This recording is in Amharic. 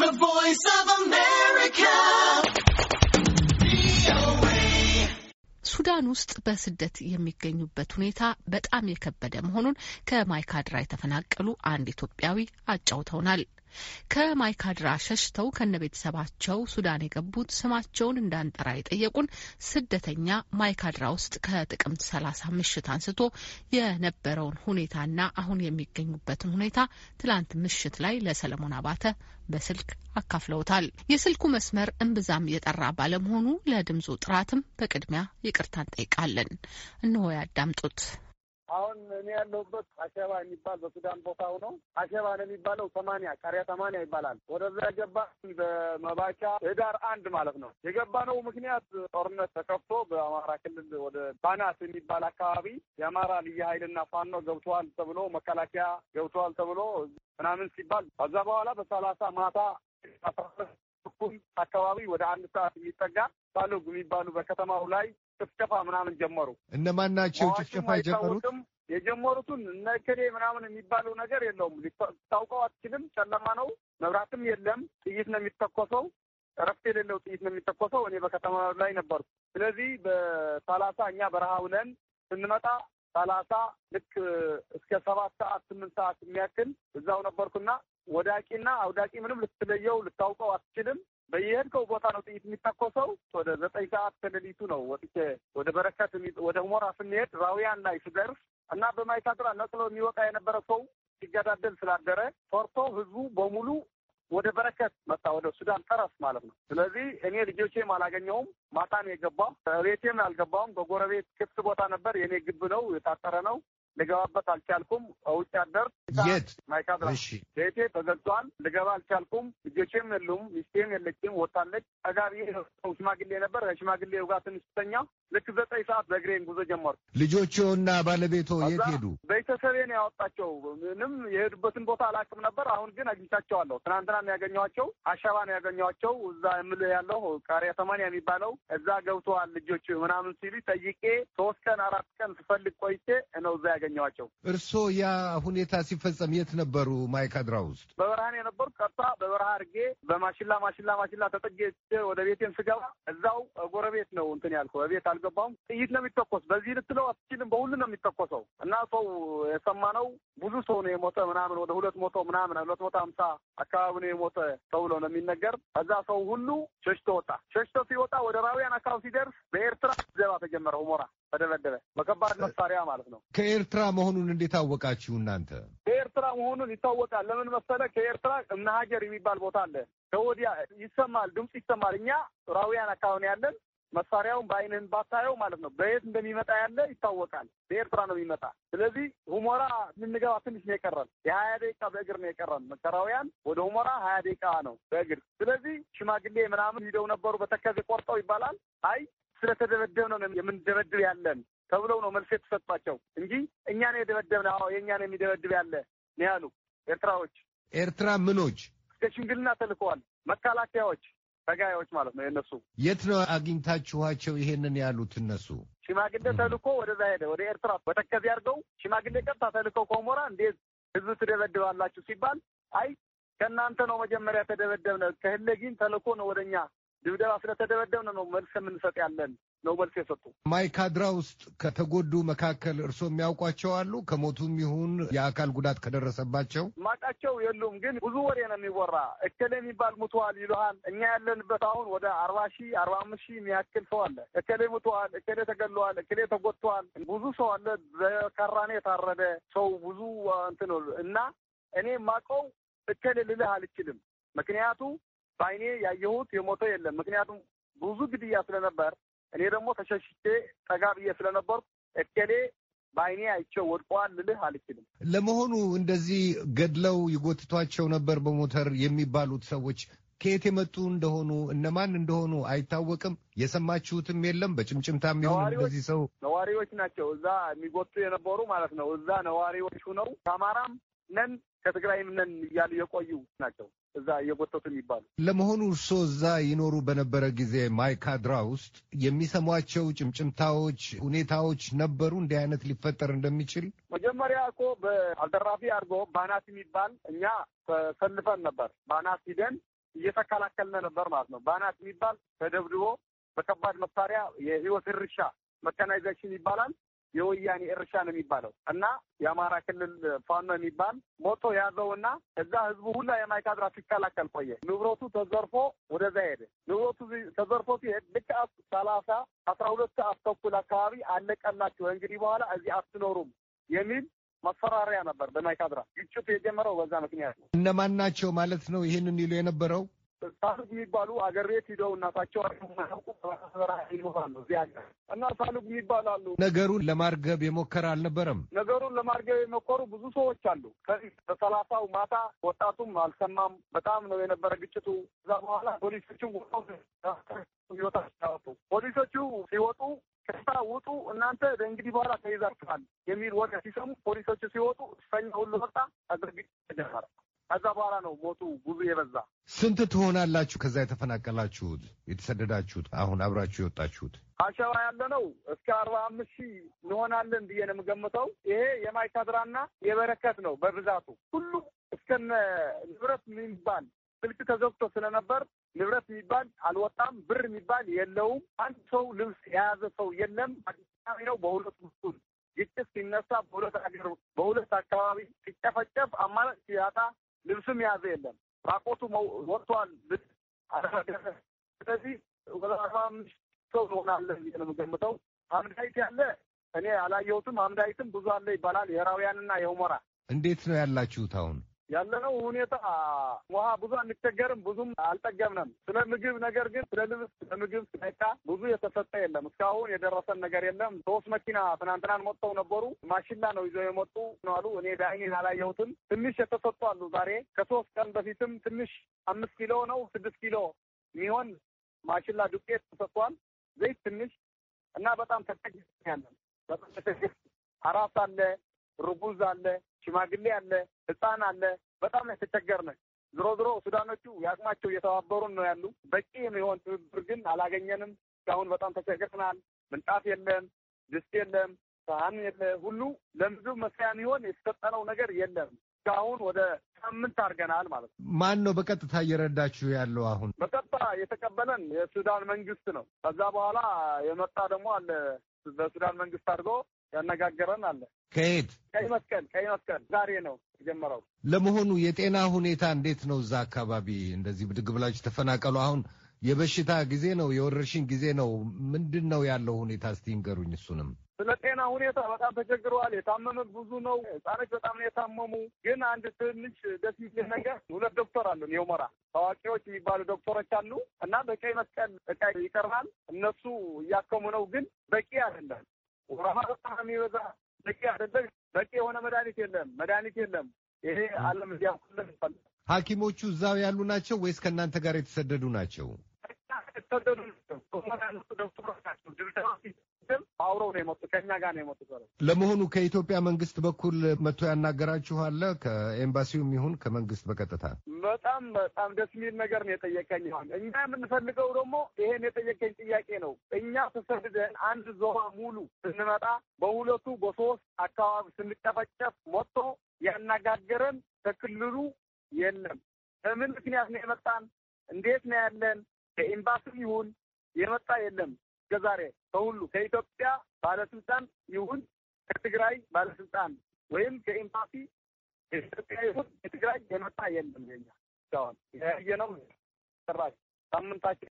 The Voice of America. ሱዳን ውስጥ በስደት የሚገኙበት ሁኔታ በጣም የከበደ መሆኑን ከማይካድራ የተፈናቀሉ አንድ ኢትዮጵያዊ አጫውተውናል። ከማይካድራ ሸሽተው ከነቤተሰባቸው ሱዳን የገቡት ስማቸውን እንዳንጠራ የጠየቁን ስደተኛ ማይካድራ ውስጥ ከጥቅምት ሰላሳ ምሽት አንስቶ የነበረውን ሁኔታና አሁን የሚገኙበትን ሁኔታ ትላንት ምሽት ላይ ለሰለሞን አባተ በስልክ አካፍለውታል። የስልኩ መስመር እምብዛም የጠራ ባለመሆኑ ለድምፁ ጥራትም በቅድሚያ ይቅርታ እንጠይቃለን። እንሆ ያዳምጡት። አሁን እኔ ያለሁበት አሸባ የሚባል በሱዳን ቦታ ሆኖ አሸባ ነው የሚባለው። ሰማንያ ቀሪያ ሰማንያ ይባላል። ወደዛ የገባ በመባቻ ህዳር አንድ ማለት ነው የገባ ነው። ምክንያት ጦርነት ተከፍቶ በአማራ ክልል ወደ ባናት የሚባል አካባቢ የአማራ ልዩ ኃይልና ፋኖ ገብተዋል ተብሎ መከላከያ ገብተዋል ተብሎ ምናምን ሲባል ከዛ በኋላ በሰላሳ ማታ አስራ ሁለት አካባቢ ወደ አንድ ሰዓት የሚጠጋ ባለው የሚባሉ በከተማው ላይ ጭፍጨፋ ምናምን ጀመሩ። እነማን ናቸው ጭፍጨፋ ጀመሩትም? የጀመሩትን እነ እከሌ ምናምን የሚባለው ነገር የለውም። ታውቀው አትችልም። ጨለማ ነው፣ መብራትም የለም። ጥይት ነው የሚተኮሰው እረፍት የሌለው ጥይት ነው የሚተኮሰው። እኔ በከተማ ላይ ነበርኩ። ስለዚህ በሰላሳ እኛ በረሃ ውለን ስንመጣ ሰላሳ ልክ እስከ ሰባት ሰዓት ስምንት ሰዓት የሚያክል እዛው ነበርኩና ወዳቂና አውዳቂ ምንም ልትለየው ልታውቀው አትችልም። በየሄድከው ቦታ ነው ጥይት የሚተኮሰው። ወደ ዘጠኝ ሰዓት ከሌሊቱ ነው ወጥቼ ወደ በረከት ወደ ሞራ ስንሄድ ራውያን ላይ ስደርስ እና በማይካድራ ነቅሎ የሚወጣ የነበረ ሰው ሲገዳደል ስላደረ ፈርቶ ህዝቡ በሙሉ ወደ በረከት መጣ፣ ወደ ሱዳን ጠረፍ ማለት ነው። ስለዚህ እኔ ልጆቼም አላገኘውም። ማታን የገባው ቤቴም አልገባውም። በጎረቤት ክፍት ቦታ ነበር። የእኔ ግብ ነው የታጠረ ነው ልገባበት አልቻልኩም። ውጭ አደር የት ማይካድራ ቤቴ ተዘግቷል። ልገባ አልቻልኩም። ልጆቼም የሉም፣ ሚስቴም የለችም፣ ወጣለች። ጠጋቢ ሽማግሌ ነበር። ከሽማግሌው ጋር ትንሽ ስተኛ ልክ ዘጠኝ ሰዓት በእግሬን ጉዞ ጀመርኩ። እና ባለቤቶ የት ሄዱ? ቤተሰቤ ነው ያወጣቸው። ምንም የሄዱበትን ቦታ አላውቅም ነበር። አሁን ግን አግኝቻቸዋለሁ። ትናንትና ነው ያገኘኋቸው። አሸባ ነው ያገኘኋቸው። እዛ የምል ያለው ቃሪያ ተማኒያ የሚባለው እዛ ገብተዋል ልጆች ምናምን ሲሉ ጠይቄ ሶስት ቀን አራት ቀን ስፈልግ ቆይቼ ነው እዛ ያገኘኋቸው። እርስዎ ያ ሁኔታ ሲፈ ሲፈጸም የት ነበሩ? ማይካድራ ውስጥ በበረሃን የነበሩ ቀጥታ በበረሃ አድርጌ በማሽላ ማሽላ ማሽላ ተጠጌ ወደ ቤቴን ስገባ እዛው ጎረቤት ነው እንትን ያልከው በቤት አልገባሁም። ጥይት ነው የሚተኮስ በዚህ ልትለው አትችልም። በሁሉ ነው የሚተኮሰው እና ሰው የሰማ ነው ብዙ ሰው ነው የሞተ ምናምን ወደ ሁለት ሞቶ ምናምን ሁለት ሞቶ ሀምሳ አካባቢ ነው የሞተ ተብሎ ነው የሚነገር። እዛ ሰው ሁሉ ሸሽቶ ወጣ። ሸሽቶ ሲወጣ ወደ ራውያን አካባቢ ሲደርስ በኤርትራ ዘባ ተጀመረ ሁመራ ተደበደበ በከባድ መሳሪያ ማለት ነው። ከኤርትራ መሆኑን እንዴት አወቃችሁ እናንተ? ከኤርትራ መሆኑን ይታወቃል። ለምን መሰለ ከኤርትራ እምነ ሀገር የሚባል ቦታ አለ። ከወዲያ ይሰማል፣ ድምፅ ይሰማል። እኛ ራውያን አካባቢ ያለን መሳሪያውን በአይንህን ባታየው ማለት ነው በየት እንደሚመጣ ያለ ይታወቃል። በኤርትራ ነው የሚመጣ። ስለዚህ ሁሞራ የምንገባ ትንሽ ነው የቀረን፣ የሀያ ደቂቃ በእግር ነው የቀረን። መከራውያን ወደ ሁሞራ ሀያ ደቂቃ ነው በእግር። ስለዚህ ሽማግሌ ምናምን ሂደው ነበሩ በተከዜ ቆርጠው ይባላል። አይ ስለተደበደብ ነው የምንደበድብ ያለን ተብለው ነው መልስ የተሰጧቸው እንጂ እኛ ነው የደበደብ ነው የእኛ ነው የሚደበድብ ያለ ነው ያሉ ኤርትራዎች። ኤርትራ ምኖች ከሽምግልና ተልከዋል። መከላከያዎች ተጋዮች ማለት ነው። የነሱ። የት ነው አግኝታችኋቸው ይሄንን ያሉት? እነሱ ሽማግሌ ተልኮ ወደዛ ሄደ ወደ ኤርትራ በተከዚ አድርገው ሽማግሌ ቀጥታ ተልኮ ከሞራ እንዴት ህዝብ ትደበድባላችሁ ሲባል አይ ከእናንተ ነው መጀመሪያ ተደበደብነ ከህለጊን ተልኮ ነው ወደኛ ድብደባ ስለተደበደብ ነው መልስ የምንሰጥ ያለን ነው መልስ የሰጡ። ማይካድራ ውስጥ ከተጎዱ መካከል እርስዎ የሚያውቋቸው አሉ? ከሞቱም ይሁን የአካል ጉዳት ከደረሰባቸው ማቃቸው የሉም። ግን ብዙ ወሬ ነው የሚወራ። እከሌ የሚባል ሙተዋል ይሉሃል። እኛ ያለንበት አሁን ወደ አርባ ሺህ አርባ አምስት ሺህ የሚያክል ሰው አለ። እከሌ ሙተዋል፣ እከሌ ተገለዋል፣ እከሌ ተጎድተዋል። ብዙ ሰው አለ። በካራኔ የታረደ ሰው ብዙ እንትን እና እኔ ማቀው እከሌ ልልህ አልችልም። ምክንያቱ በአይኔ ያየሁት የሞተ የለም። ምክንያቱም ብዙ ግድያ ስለነበር እኔ ደግሞ ተሸሽቼ ጠጋ ብዬ ስለነበር እኬሌ በአይኔ አይቼው ወድቋል ልልህ አልችልም። ለመሆኑ እንደዚህ ገድለው ይጎትቷቸው ነበር በሞተር የሚባሉት ሰዎች ከየት የመጡ እንደሆኑ እነማን እንደሆኑ አይታወቅም። የሰማችሁትም የለም። በጭምጭምታ የሚሆን እንደዚህ ሰው ነዋሪዎች ናቸው እዛ የሚጎቱ የነበሩ ማለት ነው። እዛ ነዋሪዎች ሁነው ከአማራም ነን ከትግራይም ነን እያሉ የቆዩ ናቸው። እዛ እየጎተቱ የሚባሉ ለመሆኑ እርስዎ እዛ ይኖሩ በነበረ ጊዜ ማይካድራ ውስጥ የሚሰሟቸው ጭምጭምታዎች፣ ሁኔታዎች ነበሩ እንዲህ አይነት ሊፈጠር እንደሚችል? መጀመሪያ እኮ በአልደራፊ አድርጎ ባናት የሚባል እኛ ተሰልፈን ነበር። ባናት ሂደን እየተከላከልን ነበር ማለት ነው። ባናት የሚባል ተደብድቦ በከባድ መሳሪያ የህይወት እርሻ መካናይዜሽን ይባላል የወያኔ እርሻ ነው የሚባለው እና የአማራ ክልል ፋኖ የሚባል ሞቶ እና እዛ ህዝቡ ሁላ የማይካድራ ሲከላከል ቆየ። ንብረቱ ተዘርፎ ወደዛ ሄደ። ንብረቱ ተዘርፎ ሲሄድ ልክ ሰላሳ አስራ ሁለት ሰዓት ተኩል አካባቢ አለቀላቸው እንግዲህ በኋላ እዚህ አትኖሩም የሚል ማስፈራሪያ ነበር። በማይካድራ ግጭቱ የጀመረው በዛ ምክንያት ነው። እነማን ናቸው ማለት ነው ይህንን ይሉ የነበረው? ሳልግ የሚባሉ አገር ቤት ሂደው እናታቸው ማያውቁ በራ ይኖራሉ እዚህ ሀገር እና ሳልጉ ይባላሉ። ነገሩን ለማርገብ የሞከረ አልነበረም። ነገሩን ለማርገብ የሞከሩ ብዙ ሰዎች አሉ። ከዚህ በሰላሳው ማታ ወጣቱም አልሰማም። በጣም ነው የነበረ ግጭቱ። እዛ በኋላ ፖሊሶችም ወጣ ያወጡ ፖሊሶቹ ሲወጡ ከሳ ውጡ እናንተ እንግዲህ በኋላ ተይዛችኋል የሚል ወደ ሲሰሙ ፖሊሶቹ ሲወጡ እስረኛ ሁሉ ወጣ አድርግ ጀመረ። ከዛ በኋላ ነው ሞቱ ብዙ የበዛ። ስንት ትሆናላችሁ? ከዛ የተፈናቀላችሁት የተሰደዳችሁት፣ አሁን አብራችሁ የወጣችሁት አሸባ ያለ ነው እስከ አርባ አምስት ሺህ እንሆናለን ብዬ ነው የምገምተው። ይሄ የማይካድራና የበረከት ነው በብዛቱ ሁሉም እስከነ ንብረት የሚባል ስልክ ተዘግቶ ስለነበር ንብረት የሚባል አልወጣም፣ ብር የሚባል የለውም። አንድ ሰው ልብስ የያዘ ሰው የለም። አዲስ ነው በሁለት በኩል ግጭት ሲነሳ በሁለት ሀገር በሁለት አካባቢ ሲጨፈጨፍ አማራጭ ሲያጣ ልብስም የያዘ የለም። ራቆቱ ወጥቷል። ስለዚህ ወደ አርባ አምስት ሰው ነው የምገምተው። አምዳይት ያለ እኔ አላየሁትም። አምዳይትም ብዙ አለ ይባላል። የራውያንና የሁመራ እንዴት ነው ያላችሁት አሁን? ያለነው ሁኔታ ውሃ ብዙ አንቸገርም፣ ብዙም አልጠገብንም። ስለ ምግብ ነገር ግን ስለ ልብስ፣ ስለ ምግብ፣ ስለ ብዙ የተሰጠ የለም። እስካሁን የደረሰን ነገር የለም። ሶስት መኪና ትናንትናን መጥተው ነበሩ። ማሽላ ነው ይዘው የመጡ አሉ። እኔ በአይኔ አላየሁትም። ትንሽ የተሰጡ አሉ። ዛሬ ከሶስት ቀን በፊትም ትንሽ አምስት ኪሎ ነው ስድስት ኪሎ የሚሆን ማሽላ ዱቄት ተሰጥቷል። ዘይት ትንሽ እና በጣም ተጠቅ ያለን በጣም አራት አለ ርጉዝ አለ፣ ሽማግሌ አለ፣ ህፃን አለ። በጣም ነ ዝሮ ዝሮ ሱዳኖቹ የአቅማቸው እየተባበሩን ነው ያሉ። በቂ የሚሆን ትብብር ግን አላገኘንም። እስካሁን በጣም ተቸግረናል። ምንጣፍ የለም፣ ድስት የለም፣ ሳህን የለ፣ ሁሉ ለምግብ መስሪያ የሚሆን የተሰጠነው ነገር የለም። እስካሁን ወደ ሳምንት አድርገናል ማለት ነው። ማን ነው በቀጥታ እየረዳችሁ ያለው? አሁን በቀጥታ የተቀበለን የሱዳን መንግስት ነው። ከዛ በኋላ የመጣ ደግሞ አለ በሱዳን መንግስት አድርጎ ያነጋገረን አለ። ከየት ቀይ መስቀል ቀይ መስቀል ዛሬ ነው የጀመረው። ለመሆኑ የጤና ሁኔታ እንዴት ነው እዛ አካባቢ? እንደዚህ ብድግ ብላችሁ ተፈናቀሉ። አሁን የበሽታ ጊዜ ነው፣ የወረርሽኝ ጊዜ ነው። ምንድን ነው ያለው ሁኔታ? እስቲ ንገሩኝ። እሱንም ስለ ጤና ሁኔታ በጣም ተቸግረዋል። የታመመ ብዙ ነው። ህጻኖች በጣም ነው የታመሙ። ግን አንድ ትንሽ ደስ የሚል ነገር ሁለት ዶክተር አሉን የሁመራ ታዋቂዎች የሚባሉ ዶክተሮች አሉ እና በቀይ መስቀል እቃ ይቀርባል። እነሱ እያከሙ ነው፣ ግን በቂ አይደለም። ወረፋ በጣም የሚበዛ በቂ አይደለሽ። በቂ የሆነ መድኃኒት የለም፣ መድኃኒት የለም። ይሄ አለም እንዲያውቅልን ይፈል ሐኪሞቹ እዛው ያሉ ናቸው ወይስ ከእናንተ ጋር የተሰደዱ ናቸው? የተሰደዱ ናቸው። ዶክተሮች ናቸው ድብደባ አብረው ነው የመጡ ከኛ ጋር ነው የመጡ። ለመሆኑ ከኢትዮጵያ መንግስት በኩል መጥቶ ያናገራችኋለ? ከኤምባሲውም ይሁን ከመንግስት በቀጥታ? በጣም በጣም ደስ የሚል ነገር ነው የጠየቀኝ። እኛ የምንፈልገው ደግሞ ይሄን የጠየቀኝ ጥያቄ ነው። እኛ ተሰድደን አንድ ዞባ ሙሉ ስንመጣ በሁለቱ በሶስት አካባቢ ስንጨፈጨፍ ሞቶ ያነጋገረን ከክልሉ የለም። በምን ምክንያት ነው የመጣን? እንዴት ነው ያለን? ከኤምባሲም ይሁን የመጣ የለም። እስከዛሬ ከሁሉ ከኢትዮጵያ ባለስልጣን ይሁን ከትግራይ ባለስልጣን ወይም ከኤምባሲ የኢትዮጵያ ይሁን ከትግራይ የመጣ የለም። ኛ ሁን ያየ ነው ሰራች ሳምንታችን